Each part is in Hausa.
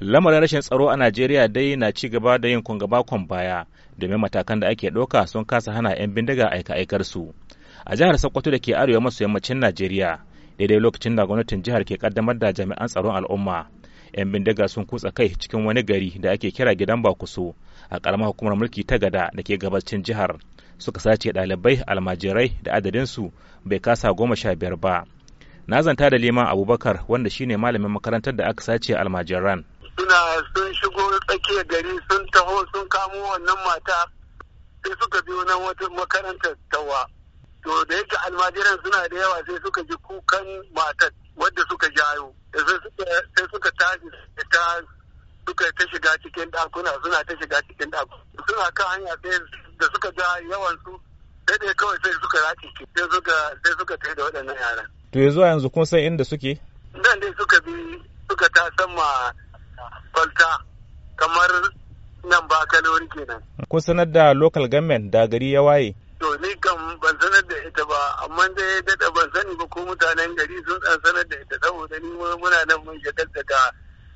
lamarin rashin tsaro a najeriya dai na ci gaba da yin kwangabakon baya domin matakan da ake ɗauka sun kasa hana 'yan bindiga aika-aikar su a jihar sokoto da ke arewa maso yammacin najeriya daidai lokacin da gwamnatin jihar ke kaddamar da jami'an tsaron al'umma 'yan bindiga sun kutsa kai cikin wani gari da ake kira gidan bakuso a karamar hukumar mulki ta gada da ke gabacin jihar suka sace ɗalibai almajirai da adadinsu bai kasa goma sha biyar ba na zanta da liman abubakar wanda shine malamin makarantar da aka sace almajiran suna sun shigo tsakiyar gari sun taho sun kamo wannan mata sai suka biyo nan wata makaranta tawa to da yake almajiran suna da yawa sai suka ji kukan matar wadda suka jayo sai suka tashi ta suka ta shiga cikin ɗakuna suna ta shiga cikin ɗakuna suna kan hanya sai da suka ga yawan su sai dai kawai sai suka race sai suka sai suka tafi da waɗannan yaran to yanzu yanzu kun san inda suke nan dai suka bi suka ta sama Falta kamar nan ba kalori kenan. Kun sanar da local government da gari ya waye? To ni kam ban sanar da ita ba amma da ya daɗa ban sani ba ko mutanen gari sun ɗan sanar da ita saboda ni muna nan mun da ta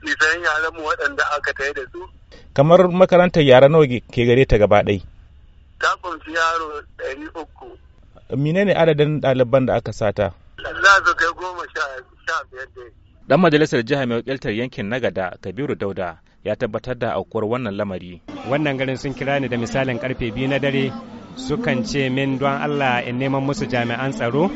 nisan yaran mu waɗanda aka tayar da su. Kamar makarantar yara nawa ke gare ta gaba ɗai? Ta kunshi yaro ɗari uku. Menene adadin ɗaliban da aka sata? Allah su kai goma sha biyar da dan majalisar jiha mai wakiltar yankin nagada kabiru dauda ya tabbatar da aukuwar wannan lamari wannan garin sun kira ni da misalin karfe biyu na dare sukan ce min don allah in neman musu jami'an tsaro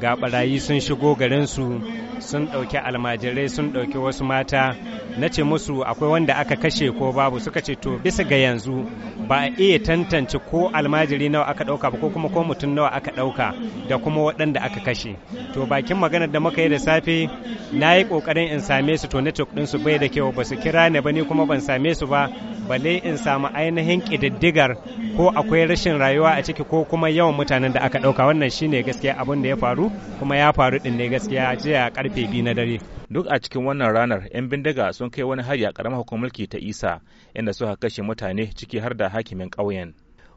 ga barayi sun shigo garinsu sun ɗauki almajirai sun ɗauki wasu mata na ce musu akwai wanda aka kashe ko babu suka ce to bisa ga yanzu ba a iya tantance ko almajiri nawa aka ɗauka ba ko kuma ko mutum nawa aka ɗauka da kuma waɗanda aka kashe to bakin maganar da muka yi da safe na yi ƙoƙarin in same su to network su bai da kyau ba su kira ni ba ni kuma ban same su ba balle in samu ainihin kididdigar ko akwai rashin rayuwa a ciki ko kuma yawan mutanen da aka ɗauka wannan shine gaskiya abin da ya faru kuma ya faru ɗin ne gaskiya jiya karfe biyu na dare. Duk a cikin wannan ranar 'yan bindiga sun kai wani hari a ƙaramar hukumar ta Isa inda suka kashe mutane ciki har da hakimin ƙauyen.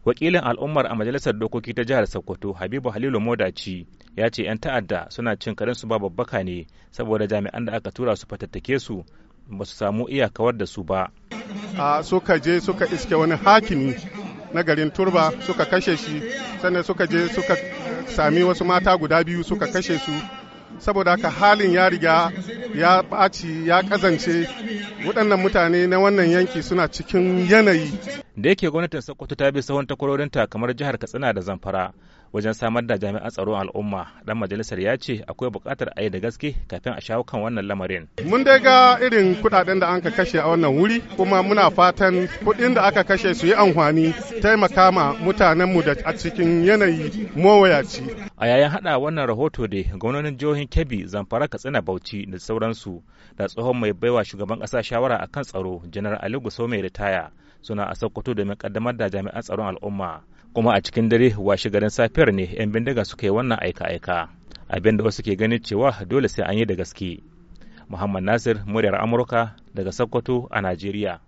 wakilin al'ummar a majalisar dokoki ta jihar sokoto habibu halilu modaci ya ce 'yan ta'adda suna cin karin su ba babbaka ne saboda jami'an da aka tura su fatattake su ba su samu kawar da su ba a suka je suka iske wani hakimi na garin turba suka kashe shi sannan suka je suka sami wasu mata guda biyu suka kashe su saboda haka halin ya riga ya ɓaci ya ƙazance waɗannan mutane na wannan yanki suna cikin yanayi da yake gwamnatin sokoto ta bi sahun takwarorin kamar jihar katsina da zamfara wajen samar da jami'an tsaron al'umma dan majalisar ya ce akwai buƙatar a yi da gaske kafin a shawo kan wannan lamarin mun dai ga irin kuɗaɗen da aka kashe a wannan wuri kuma muna fatan kuɗin da aka kashe su yi amfani taimaka ma mutanenmu da a cikin yanayi mawuyaci a yayin hada wannan rahoto da gwamnonin jihohin kebbi zamfara katsina bauchi da sauransu da tsohon mai baiwa shugaban ƙasa shawara akan tsaro janar ali gusau mai ritaya suna a sokoto domin kaddamar da jami'an tsaron al'umma kuma a cikin dare washe garin safiyar ne 'yan bindiga suka yi wannan aika-aika abin da wasu ke ganin cewa dole sai an yi da gaske muhammad nasir muryar amurka daga sokoto a najeriya